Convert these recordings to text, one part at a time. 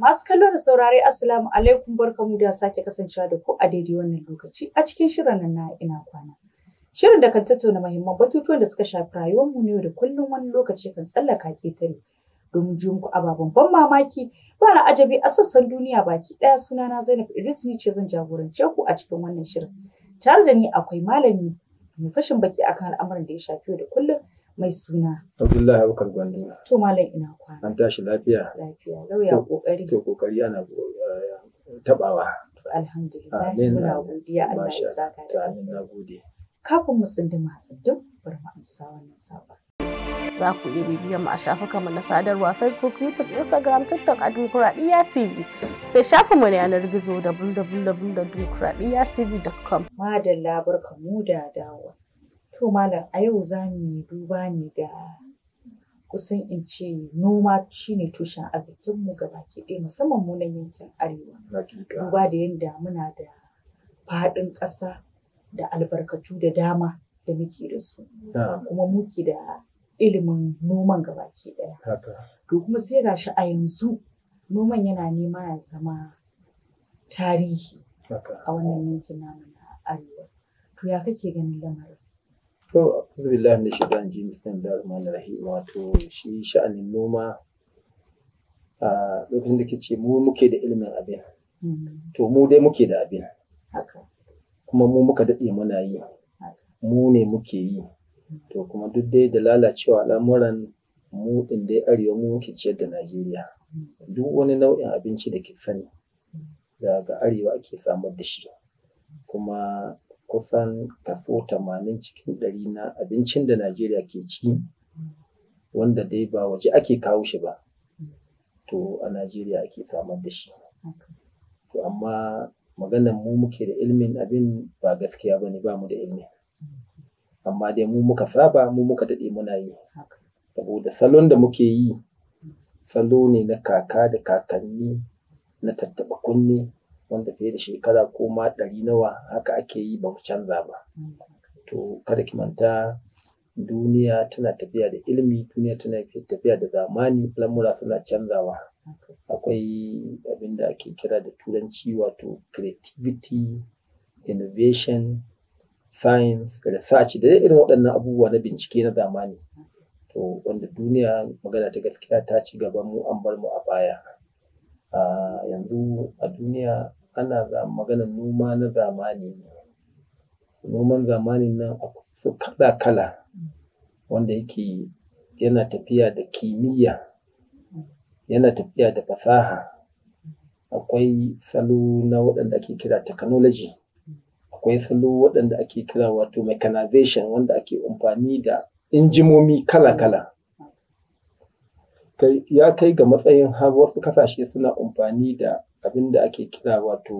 Masu kallo da saurare Assalamu alaikum barkamu da sake kasancewa da ku a daidai wannan lokaci a cikin shirin nan na ina kwana. Shirin da kan tattauna muhimman batutuwan da suka shafi rayuwarmu ne da kullum wani lokaci kan tsallaka ketare domin ji a ababen ban mamaki ba ajabi a sassan duniya baki ɗaya na Zainab Idris ni ce zan jagorance ku a cikin wannan shirin. Tare da ni akwai malami mai fashin baki akan al'amuran da ya shafi da kullum mai suna. Abdullahi Abubakar Gwanduna. To malam ina kwana. An tashi lafiya. Lafiya. Lauya kokari. To kokari ana eh, tabawa. To alhamdulillah muna godiya Allah ya saka da amin na gode. Kafin mu tsinduma tsindin bar mu amsa wannan saba. Za ku iya bibiyan mu a shafukanmu na sadarwa Facebook, YouTube, Instagram, TikTok a Dimokuraɗiyya TV. Sai shafinmu na yanar gizo tv.com. Madalla barkamu da dawowa. To malam a yau za mu duba ne da kusan in ce noma shi ne tushen arzikinmu ga baki ɗaya musamman mu nan yankin arewa. Duba da yadda muna da faɗin ƙasa da albarkatu da dama da muke da su. Kuma muke da ilimin noman ga baki ɗaya. To kuma sai ga shi a yanzu noman yana nema ya zama tarihi a wannan yankin namu na arewa. To ya kake ganin lamarin? To, alhamdulillah mai shiga an ji musulun da rahman rahim wato shi sha'anin noma a lokacin da ce mu muke da ilimin abin. Mm-hmm. To, mu dai muke da abin. Kuma mu muka daɗe muna yi. Mu ne muke yi. To, kuma duk dai da lalacewa al'amuran mu ɗin dai arewa mu muke ciyar da Najeriya. Mm-hmm. Duk wani nau'in abinci da ke sani daga mm-hmm. arewa ake samar da shi. Kuma kusan kaso tamanin cikin ɗari na abincin da Najeriya ke ci wanda dai ba waje ake kawo shi ba to a Najeriya ake samar da shi. To amma maganan mu muke da ilmin abin ba gaskiya ba ne ba mu da ilmi. Amma dai mu muka saba mu muka daɗe muna yi. Saboda salon da muke yi salo ne na kaka da kakanni na tattaɓa kunne wanda fiye da shekara ko ma ɗari nawa haka ake yi ba ku canza ba to kada ki manta duniya tana tafiya da ilimi duniya tana tafiya da zamani lamura suna canzawa akwai abin da ake kira da turanci wato creativity innovation science research da irin waɗannan abubuwa na bincike na zamani to wanda duniya magana ta gaskiya ta ci gaba mu an bar mu a baya ah, yanzu a duniya ana magana noma na zamani noman zamani na su kala kala wanda yake yana tafiya da kimiyya yana tafiya da fasaha akwai salo na waɗanda ake kira technology akwai salo waɗanda ake kira wato mechanization wanda ake amfani da injimomi kala kala ya kai ga matsayin har wasu kasashe suna amfani da abin da ake kira wato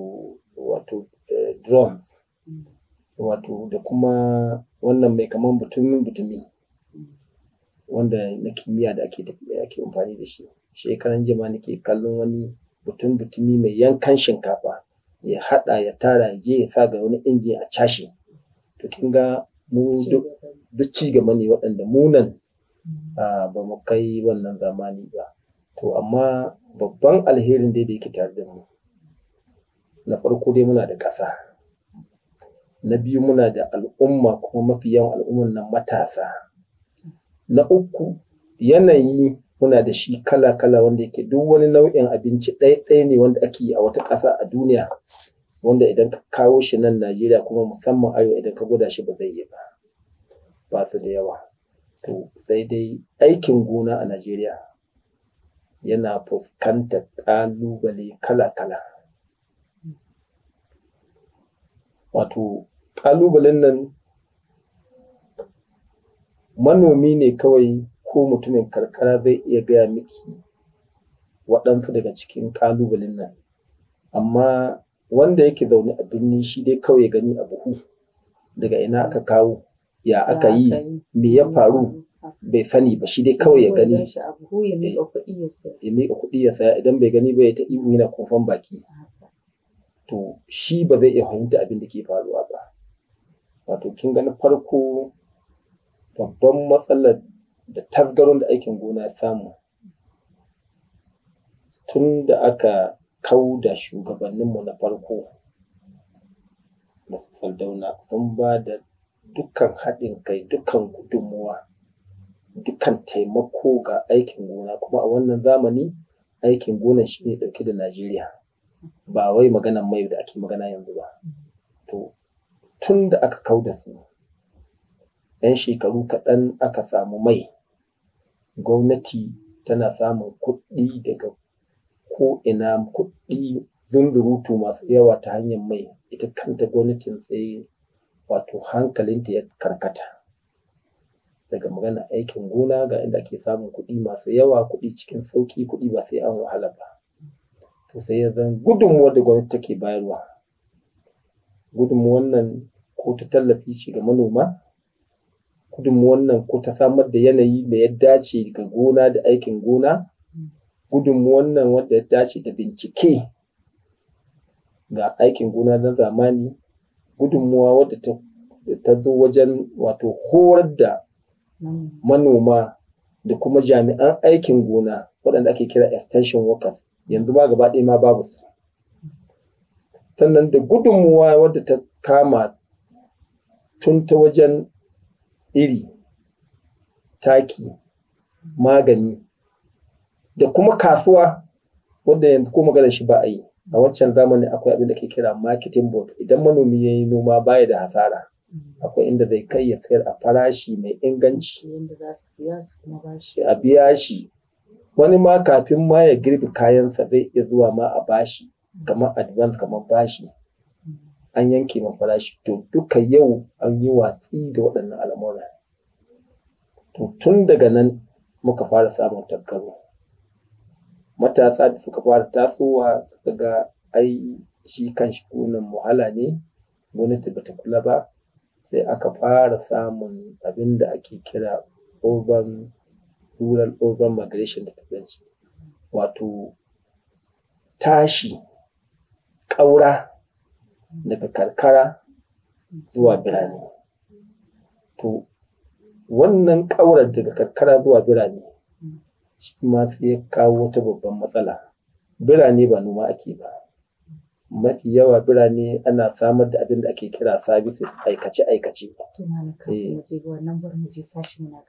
wato eh, drums wato da kuma wannan mai kaman butumin butumi wanda na kimiyya da ake ake amfani da shi shekaran jima nake kallon wani butun butumi mai yankan shinkafa ya hada ya tara ya je ya sa ga wani injin a cashe to kin ga mu duk ci gaba ne waɗanda munan mm. ah, ba mu kai wannan zamani ba to amma babban alherin da yake tare da mu na farko dai muna da ƙasa na biyu muna da al'umma kuma mafi yawan al'umman nan matasa na uku yanayi muna da shi kala-kala wanda yake duk wani nau'in abinci ɗaya-ɗaya ne wanda ake yi a wata ƙasa a duniya wanda idan ka kawo shi nan Najeriya kuma musamman arewa idan ka gwada shi ba zai yi ba ba su da yawa to sai dai aikin gona a Najeriya yana fuskantar ƙalubale kala-kala. Wato, ƙalubalen nan manomi ne kawai ko mutumin karkara zai iya gaya miki waɗansu daga cikin ƙalubalen nan, amma wanda yake zaune a birni shi dai kawai gani a buhu daga ina aka kawo, ya aka yi, me ya faru, mm. bai sani ba shi dai kawai ya gani buhu ya miƙa kuɗi ya saya ya miƙa kuɗi ya saya idan bai gani ba ya ta ihu yana kofan baki to shi ba zai iya fahimta abin da ke faruwa ba wato kin gani farko babban matsalar da tasgaron da aikin gona ya samu tun da aka kau da shugabanninmu na farko na sardauna sun ba da dukkan haɗin kai dukkan gudunmuwa dukkan taimako ga aikin gona kuma a wannan zamani aikin gona shi ne ɗauke da Najeriya ba wai maganan mai da ake magana yanzu ba. To tun da aka kau da su ‘yan shekaru kaɗan aka samu mai gwamnati tana samun kuɗi daga ko'ina kuɗi zunzurutu masu yawa ta hanyar mai ita kanta gwamnatin tsaye wato hankalinta ya karkata. daga magana aikin gona ga inda ake samun kuɗi masu yawa kuɗi cikin sauƙi kuɗi ba sai an wahala ba to sai ya zan gudunmuwar da gwamnati take bayarwa gudunmuwar nan ko ta tallafi shi ga manoma gudunmuwar nan ko ta samar da yanayi da ya dace ga gona da aikin gona gudunmuwar nan wanda ya dace da bincike ga aikin gona na zamani gudunmuwa wadda ta zo wajen wato horar da manoma da kuma jami'an aikin gona waɗanda ake kira extension workers yanzu ma gaba ɗaya ma babu su sannan da gudunmuwa wadda ta kama tun ta wajen iri taki magani da kuma kasuwa wadda yanzu ko magana shi ba a yi a wancan zamani akwai abin da ke kira marketing board idan manomi ya yi noma baya da hasara akwai inda zai kai ya sayar a farashi mai inganci a biya shi wani ma kafin ma ya girbi kayansa zai iya zuwa ma a bashi kamar advance kamar bashi an yanke ma farashi to duka yau an yi watsi da waɗannan al'amura to tun daga nan muka fara samun tasgaro matasa da suka fara tasowa suka ga ai shi kan shi kunan muhala ne gwamnati bata kula ba sai aka fara samun abin da ake kira urban rural urban migration da turanci wato tashi ƙaura daga karkara zuwa birane to wannan ƙaurar daga karkara zuwa birane shi ma sai ya kawo wata babban matsala birane ba noma ake ba mafi yawa birane ana samar da abin da ake kira services aikace-aikace.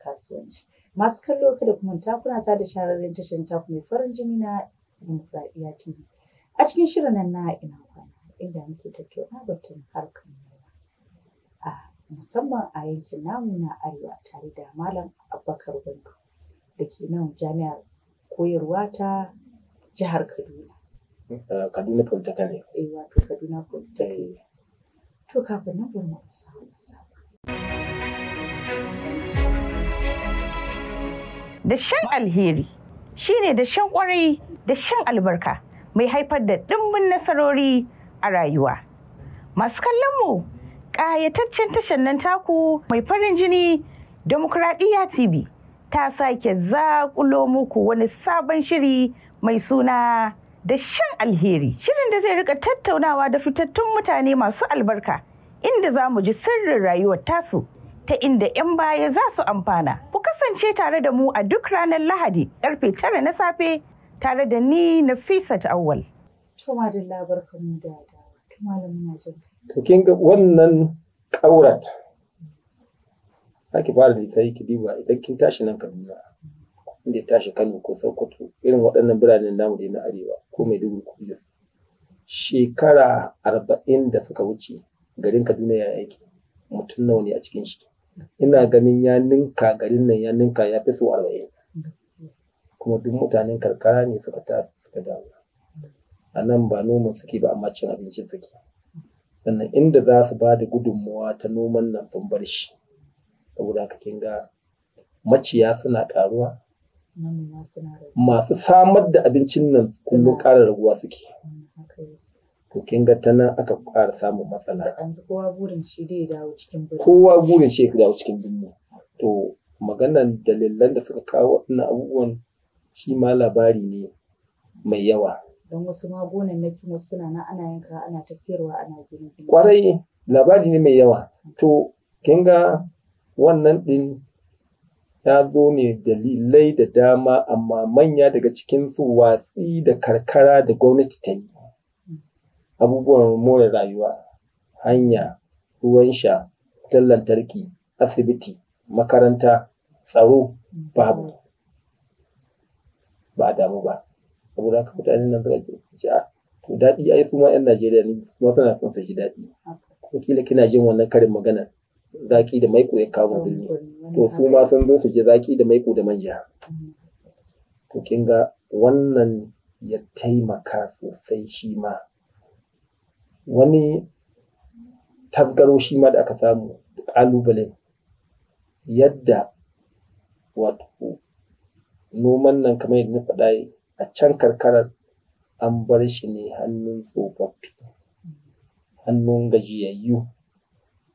kasuwanci Masu kallo ka da kuma takuna ta da shararren tashar taku mai farin jini na Dimokuraɗiyya TV. A cikin shirin nan na ina kwana inda muke tattauna batun harkar noma. A musamman a yankin namu na Arewa tare da Malam Abubakar Gwandu da ke nan jami'ar koyarwa ta jihar Kaduna. Eh, Kaduna Polytechnic. Eh wato Kaduna Polytechnic. Eh. To kafin na bari mu samu Da shan alheri shine da shan kwarai da shan albarka mai haifar da ɗimbin nasarori a rayuwa. Masu kallon mu kayataccen tashar nan taku mai farin jini Demokuraɗiyya TV ta sake zaƙulo muku wani sabon shiri mai suna da shan alheri shirin da zai rika tattaunawa da fitattun mutane masu albarka inda za mu ji sirrin rayuwar tasu ta inda 'yan baya za su amfana ku kasance tare da mu a duk ranar lahadi karfe tara na safe tare da ni na fisa ta Tuma da wannan ƙaurat. Za ki fara da ita yi ki diba idan kin tashi nan Kaduna. inda ya tashi Kano ko Sokoto irin waɗannan biranen namu da na arewa ko Maiduguri ko Jos shekara arba'in da suka wuce garin Kaduna ya aiki mutum nawa ne a cikin shi ina ganin ya ninka garin nan ya ninka ya fi sau arba'in kuma duk mutanen karkara ne suka ta suka dawo a nan ba noman suke ba amma cin abincin suke sannan inda za su ba da gudunmuwa ta noman nan sun bar shi saboda haka kin ga maciya suna karuwa masu samar da abincin nan kullum ƙara raguwa suke mm, to kin ga tana aka ƙara samun matsala kowa burin shi dai dawo cikin birni kowa burin shi ya dawo cikin birni to maganan dalilan da suka kawo waɗannan abubuwan shi ma labari ne mai yawa don wasu na wasu suna na ana yanka ana ta sayarwa ana gini kwarai labari ne mai yawa to kin ga wannan ɗin ya zo ne dalilai da dama amma manya daga cikin cikinsu watsi da karkara da gwamnati ta yi abubuwan more rayuwa hanya ruwan sha wutar lantarki asibiti makaranta tsaro babu ba a damu ba saboda haka mutanen nan suka ce a daɗi ai yi suma 'yan najeriya ne suma suna son su ji daɗi kila kina jin wannan karin maganar zaki da maiko ya kawo birni to su ma sun zo su je zaki da maiko da manja to kin ga wannan ya taimaka sosai shi ma wani tasgaro shi ma da aka samu ƙalubalen yadda wato noman nan kamar yadda na faɗa a can karkarar an bar shi ne hannun tsofaffi hannun gajiyayyu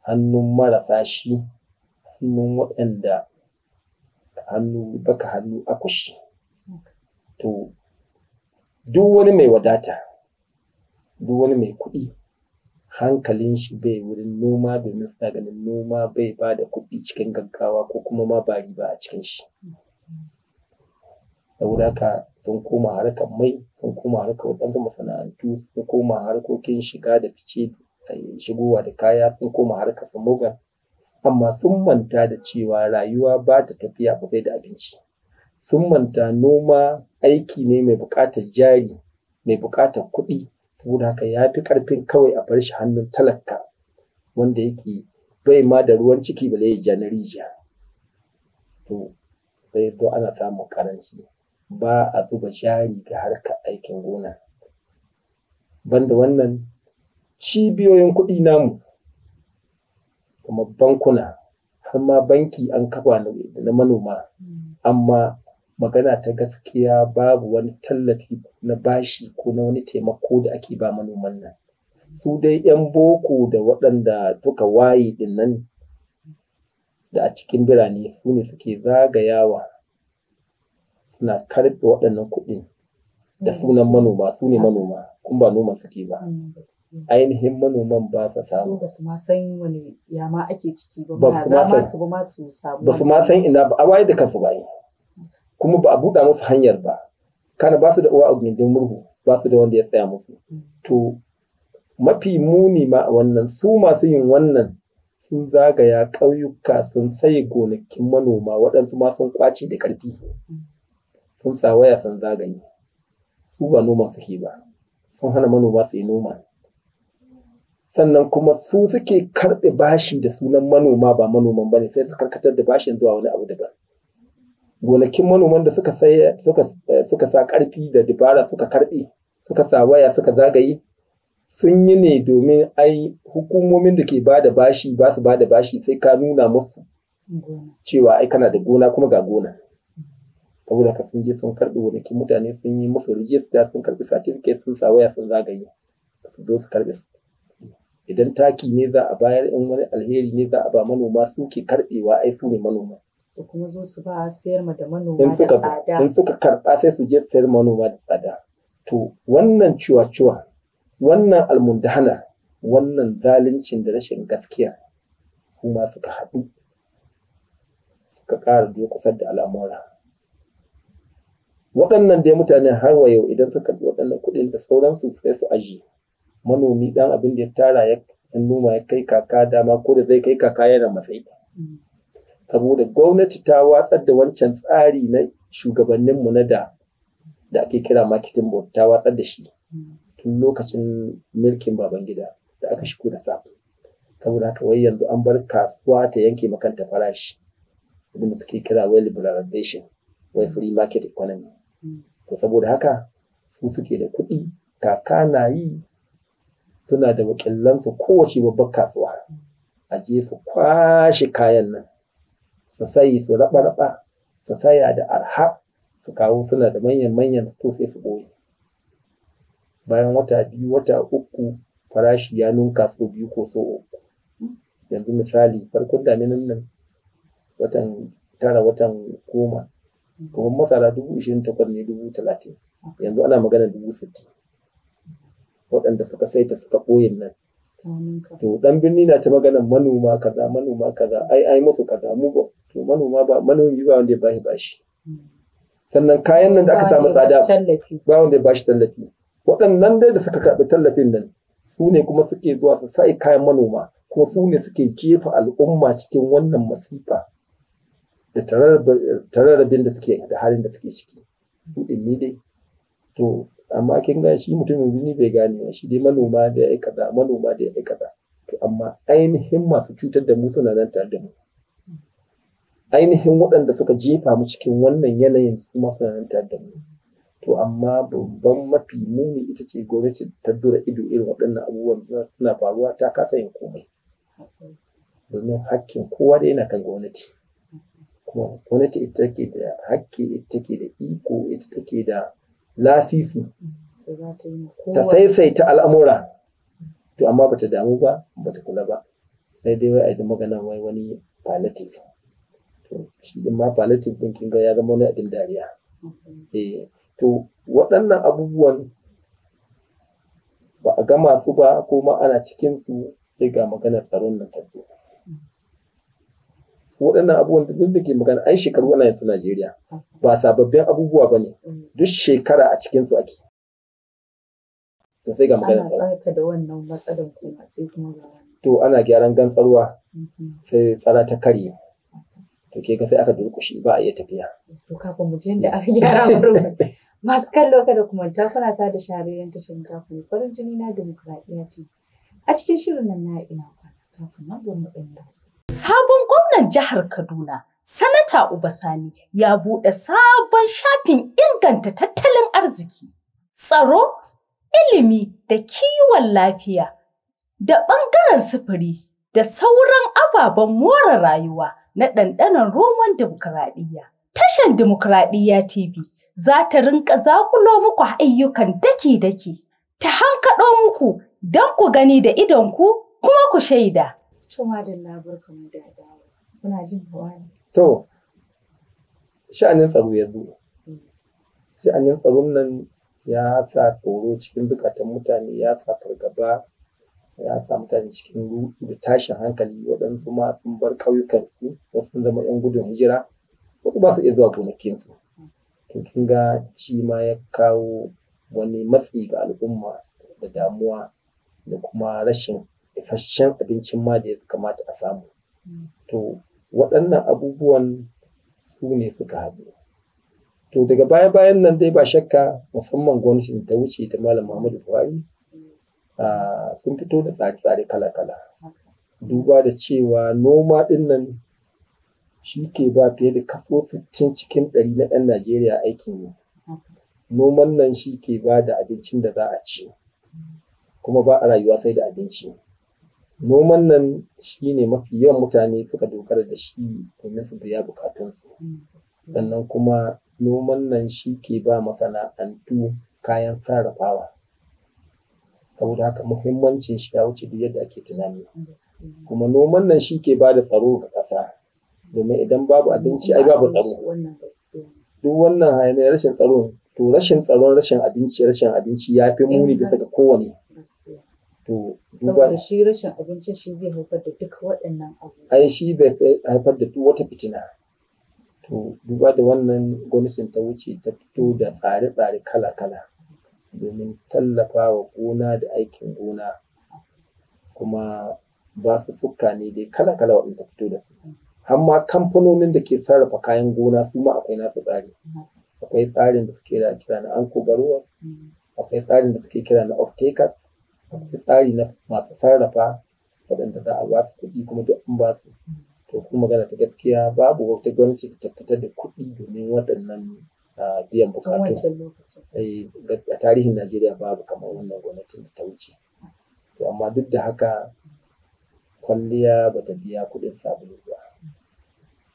hannun marasa shi hannun waɗanda hannu baka hannu akushi to duk wani mai wadata duk wani mai kuɗi hankalin shi bai wurin noma domin suna ganin noma bai ba da kuɗi cikin gaggawa ko kuma ma ba riba a cikin shi saboda haka sun koma harkar mai sun koma harkar waɗansu masana'antu sun koma harkokin shiga da fice shigowa da kaya sun koma harkar smogan amma sun manta da cewa rayuwa ba ta tafiya ba da abinci sun manta noma aiki ne mai buƙatar jari mai buƙatar kuɗi saboda haka ya fi ƙarfin kawai a bar shi hannun talaka wanda yake bai ma da ruwan ciki bale ya ja na to sai to ana samun ƙaranci ba a zuba jari ga harkar aikin gona banda wannan cibiyoyin kuɗi namu kuma bankuna har ma banki an kafa na manoma amma magana ta gaskiya babu wani tallafi na bashi ko na wani taimako da ake ba manoman nan su dai 'yan boko da waɗanda suka waye din nan da a cikin birane su ne suke zagayawa suna karɓe waɗannan kuɗin da sunan manoma su ne manoma Kun ba noman suke ba mm, ainihin manoman ba sa samu ba su ma san wani ya ma ake ciki ba ba su ma su ba su samu ba su ma san ina ba a waye da kansu ba kuma ba a buɗa musu hanyar ba kana ba su da uwa a gindin murhu ba su da wanda ya tsaya musu mm. to mafi muni ma a wannan su masu yin wannan sun zagaya ƙauyuka sun sai gonakin manoma waɗansu ma sun kwace da ƙarfi mm. sun sa waya sun zagaye su ba noma suke ba sun hana manoma su yi noma sannan kuma su suke karɓe bashi da sunan manoma ba manoman ba ne sai su karkatar da bashin zuwa wani abu daban gonakin manoman da suka eh, suka sa karfi da dabara suka karɓe suka sa waya suka zagaye sun yi ne domin ai hukumomin da ke bada bashi ba su bada bashi sai ka nuna musu cewa ai kana da gona kuma ga gona saboda haka sun je sun karɓi gonakin mutane sun yi musu rijista sun karɓi certificate sun sa waya sun zagaye su zo su karɓi idan taki ne za a bayar in wani alheri ne za a ba manoma su ke karɓewa ai su ne manoma su kuma zo su ba sayar ma da manoma da tsada in suka karɓa sai su je sayar manoma da tsada to wannan ciwa-ciwa wannan almundahana wannan zaluncin da rashin gaskiya kuma suka haɗu suka ƙara kusa da al'amura waɗannan dai mutane har wa yau idan suka karɓi waɗannan kuɗin da sauransu sai su aji manomi ɗan abin da ya tara ya noma ya kai kaka dama ko da zai kai kaka yana matsayi saboda gwamnati ta watsar da wancan tsari na shugabanninmu na da da ake kira marketing board ta watsar da shi tun lokacin mulkin babangida da aka shigo da safe saboda haka wai yanzu an bar kasuwa ta yanke makanta farashi da suke kira wai liberalization wai free market economy to saboda haka su suke da kuɗi kaka na yi suna da wakilansu kowace babbar kasuwa a je su kwashe kayan nan su sayi su raba-raba su saya da arha su kawo suna da manyan-manyan su sai su ɓoye bayan wata biyu wata uku farashi ya nunka so biyu ko so uku yanzu misali farkon daminan nan watan tara watan goma kuma masara dubu ishirin takwas ne dubu talatin yanzu ana magana dubu sittin waɗanda suka saita suka ɓoyin nan to dan birni na ta magana manoma kaza manoma kaza ai ai musu kaza mu ba to manoma ba manomi ba wanda ya bashi bashi sannan kayan nan da aka samu tsada ba wanda ya bashi tallafi waɗannan dai da suka karɓi tallafin nan su ne kuma suke zuwa su sai kayan manoma kuma su ne suke jefa al'umma cikin wannan masifa da tararrabin da suke da halin da suke ciki su ɗin dai to amma kin ga shi mutumin birni bai gane shi dai manoma da ya kaza manoma da ya kaza to amma ainihin masu cutar da mu suna nan tare da mu ainihin waɗanda suka jefa mu cikin wannan yanayin su suna nan tare da mu to amma babban mafi muni ita ce gwamnati ta dura ido irin waɗannan abubuwan suna faruwa ta kasa yin komai domin hakkin kowa da yana kan gwamnati gwamnati ita take da hakki ita take da iko ita take da lasisi ta ta al'amura to amma bata damu ba bata kula ba sai dai wai a yi magana wai wani palatif. to shi din ma palatif din kin ga ya zama wani abin dariya eh to waɗannan abubuwan ba a gama su ba kuma ana cikin su sai ga maganar tsaron nan ta zo waɗannan abubuwan da duk da ke magana ai shekaru ana yanzu Najeriya ba sababbin abubuwa ba ne mm. duk shekara a cikin su ake. To sai ga magana da wannan matsalar kuma sai kuma To ana gyaran gantsarwa mm-hmm. sai tsara ta karye. To ke ga sai aka durƙushe ba a iya tafiya. To kafin mu je da aka gyara wurin masu kallo kada kuma takuna ta da ta tashin kafin farin jini na demokradiyya ce. A cikin shirin nan na ina kwana kafin nan gwamnati ɗin Sabon Gwamnan jihar Kaduna, Sanata Ubasani ya buɗe sabon shafin inganta tattalin arziki, tsaro, ilimi da kiwon lafiya, da ɓangaren sufuri da sauran ababen more rayuwa na ɗanɗanon Roman dimokuraɗiyya. Tashan dimokuraɗiyya TV za ta rinka zakulo muku ayyukan daki-daki, ta hankaɗo muku don ku gani da idonku kuma ku shaida. Tuma da labar da Muna jin bayani. To, sha'anin tsaro ya zo. Sha'anin tsaron nan ya sa tsoro cikin zukatan mutane, ya sa fargaba, ya sa mutane cikin ruɗu da tashin hankali waɗansu ma sun bar ƙauyukansu, wasu sun zama 'yan gudun hijira, wasu ba su iya zuwa gonakinsu. To, kin ga shi ma ya kawo wani matsi ga al'umma da damuwa da kuma rashin isasshen abincin ma da ya kamata a samu. Mm. To waɗannan abubuwan su ne suka haɗu to daga baya bayan nan dai ba shakka musamman gwamnatin ta wuce ta malam muhammadu buhari sun fito da tsare-tsare kala-kala duba da cewa noma ɗin nan shi ke ba fiye da kaso 60 cikin ɗari na ɗan najeriya aikin yi noman nan shi ke ba da abincin da za a ci kuma ba a rayuwa sai da abinci noman nan shi ne mafi yawan mutane suka dogara da shi domin su biya bukatunsu sannan kuma noman nan shi ke ba masana'antu kayan sarrafawa saboda haka muhimmancin shi ya wuce duk yadda ake tunani kuma noman nan shi ke ba da tsaro ga ƙasa domin idan babu abinci ai babu tsaro duk wannan hanyar rashin tsaro to rashin tsaron rashin abinci rashin abinci ya fi muni bisa ga kowane To, saboda shi rashin abinci shi zai haifar da duk waɗannan abu. Ai shi zai haifar da wata fitina. To, duba da wannan gwamnatin ta wuce ta fito da tsare-tsare kala-kala domin tallafa wa gona da aikin gona kuma ba su fuka ne dai kala-kala waɗanda ta fito da su. Amma kamfanonin da ke sarrafa kayan gona su ma akwai nasu tsari. Mm-hmm. Mm-hmm. Akwai tsarin da suke kira na anko akwai tsarin da suke kira na off-takers, akwai tsari na masu sarrafa waɗanda za a ba su kuɗi kuma duk an ba su to kuma magana ta gaskiya babu wata gwamnati da tabbatar da kuɗi domin waɗannan biyan bukatu eh, a tarihin najeriya babu kamar wannan gwamnatin da ta wuce to amma duk da haka kwalliya ba ta biya kuɗin sabulu ba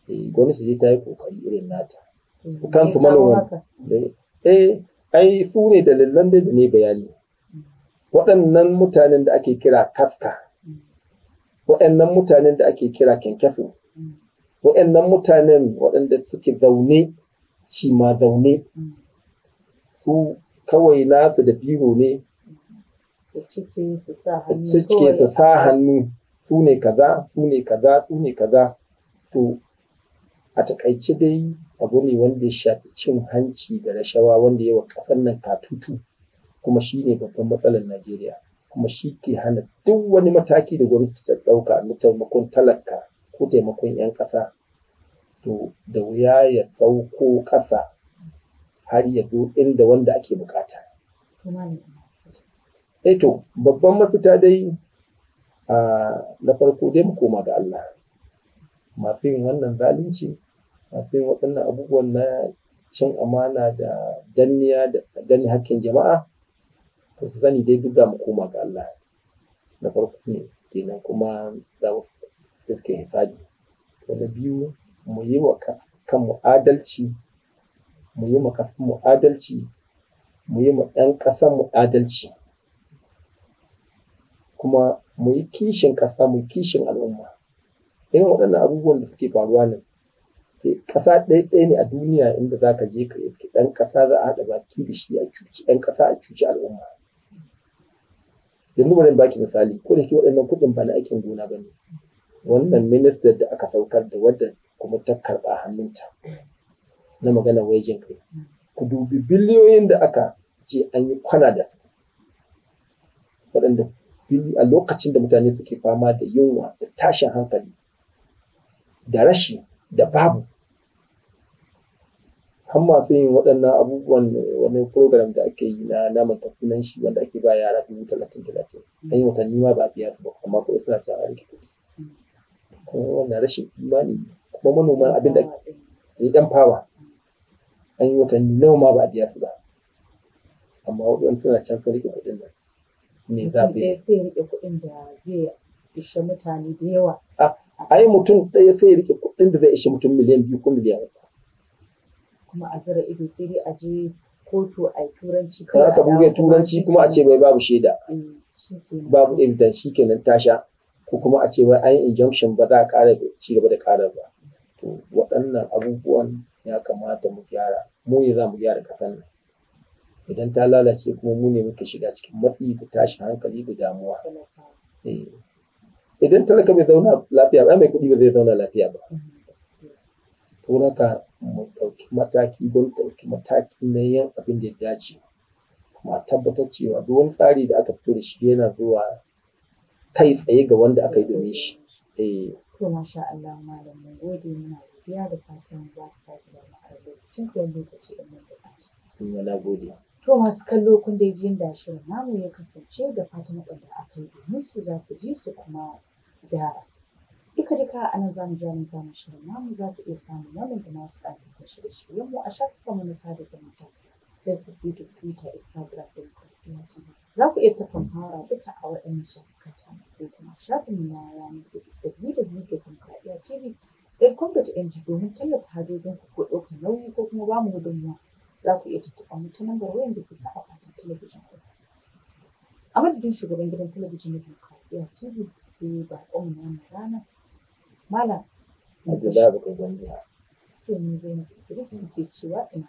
eh, gwamnati ta yi kokari irin nata mm. kansu manoma eh ai su ne dalilan da ne bayani waɗannan mutanen da ake kira kafka waɗannan mutanen da ake kira kyankyafu waɗannan mutanen waɗanda suke zaune ci ma zaune su kawai nasu da biro ne su cike su sa hannu su ne kaza su ne kaza su ne kaza to a takaice dai abu ne wanda ya shafi cin hanci da rashawa wanda ya yawa ƙasar nan katutu kuma shi ne babban matsalar Najeriya kuma shi ke hana duk wani mataki da gwamnati ta ɗauka na taimakon talaka ko taimakon 'yan ƙasa to da wuya ya sauko ƙasa har ya zo inda wanda ake bukata. Eh to babban mafita dai na farko dai mu koma ga Allah masu yin wannan zalunci masu yin waɗannan abubuwan na cin amana da danniya da danne hakkin jama'a to su sani dai duk za mu koma ga Allah na farko ne kenan kuma za mu fiske hisabi to na biyu mu yi wa kanmu adalci mu yi wa mu adalci mu yi ma ɗan ƙasar mu adalci kuma mu yi kishin ƙasa mu yi kishin al'umma irin waɗannan abubuwan da suke faruwa nan ƙasa ɗaya ɗaya ne a duniya inda za ka je ka yi ɗan ƙasa za a haɗa baki da shi a cuci ɗan ƙasa a cuci al'umma yanzu bari baki misali ko da ke waɗannan kuɗin ba na aikin gona ba ne wannan ministar da aka saukar da wadda kuma ta karɓa hannunta na magana wajen kai ku dubi biliyoyin da aka ce an yi kwana da su waɗanda a lokacin da mutane suke fama da yunwa da tashin hankali da rashi da babu har masu yin waɗannan abubuwan wani program da ake yi na naman tafunan shi wanda ake ba yara dubu talatin talatin an yi watanni ma ba a biya su ba amma ko suna can a rike kuɗi wannan rashin imani kuma manoma abin da ya ɗan fawa an yi watanni nawa ma ba a biya su ba amma waɗanda suna can sun rike kuɗin nan me za su yi sai rike kuɗin da zai ishe mutane da yawa ah, ai mutum ɗaya sai rike kuɗin da zai ishe mutum miliyan biyu ko miliyan uku kuma a zara ido sai dai a je kotu a turanci kawai ka buge turanci kuma a ce wai babu shaida mm, babu evidence shikenan tasha ko kuma a ce wai an injunction ba za a da ci gaba da kara ba to waɗannan abubuwan ya kamata mu gyara mu ne za mu gyara kasan nan idan ta lalace kuma mu ne muke shiga cikin matsi da tashin hankali da damuwa eh. idan talaka bai zauna lafiya ba mai kuɗi ba zai zauna lafiya ba mm. don haka mu ɗauki mataki don ɗauki mataki na yin abin da ya dace kuma a tabbatar cewa duk wani tsari da aka fito da shi yana zuwa kai tsaye ga wanda aka yi domin shi. Eh. To masha Allah malam mun gode muna godiya da fatan za ka sake da mu a lokacin ka lokaci da mun buƙata. Ina na gode. To masu kallo kun dai jin da shirin namu ya kasance da fatan da aka yi domin su za su ji su kuma gyara. duka duka a nan zamu ja mu zamu shirin namu za ku iya samun wannan da masu ƙarfafa shirye-shiryen mu a shafukan mu na sada zumunta Facebook, YouTube, Twitter, Instagram da kuma Za ku iya tafin fara duka a waɗannan shafukan ta ko kuma shafin mu na yanar gizo www.demokradiyyatv.com.ng domin tallafa hajojin ku ko ɗaukar nauyi ko kuma ba mu gudunmuwa. Za ku iya tattaɓa mu ta lambar wayan da ke ta akwatin talabijin ku. A madadin shugaban gidan talabijin na Demokradiyya TV sai ba ƙwamu na rana Mala. Hajji babu ka gwanda. zai na tafi suke cewa ina.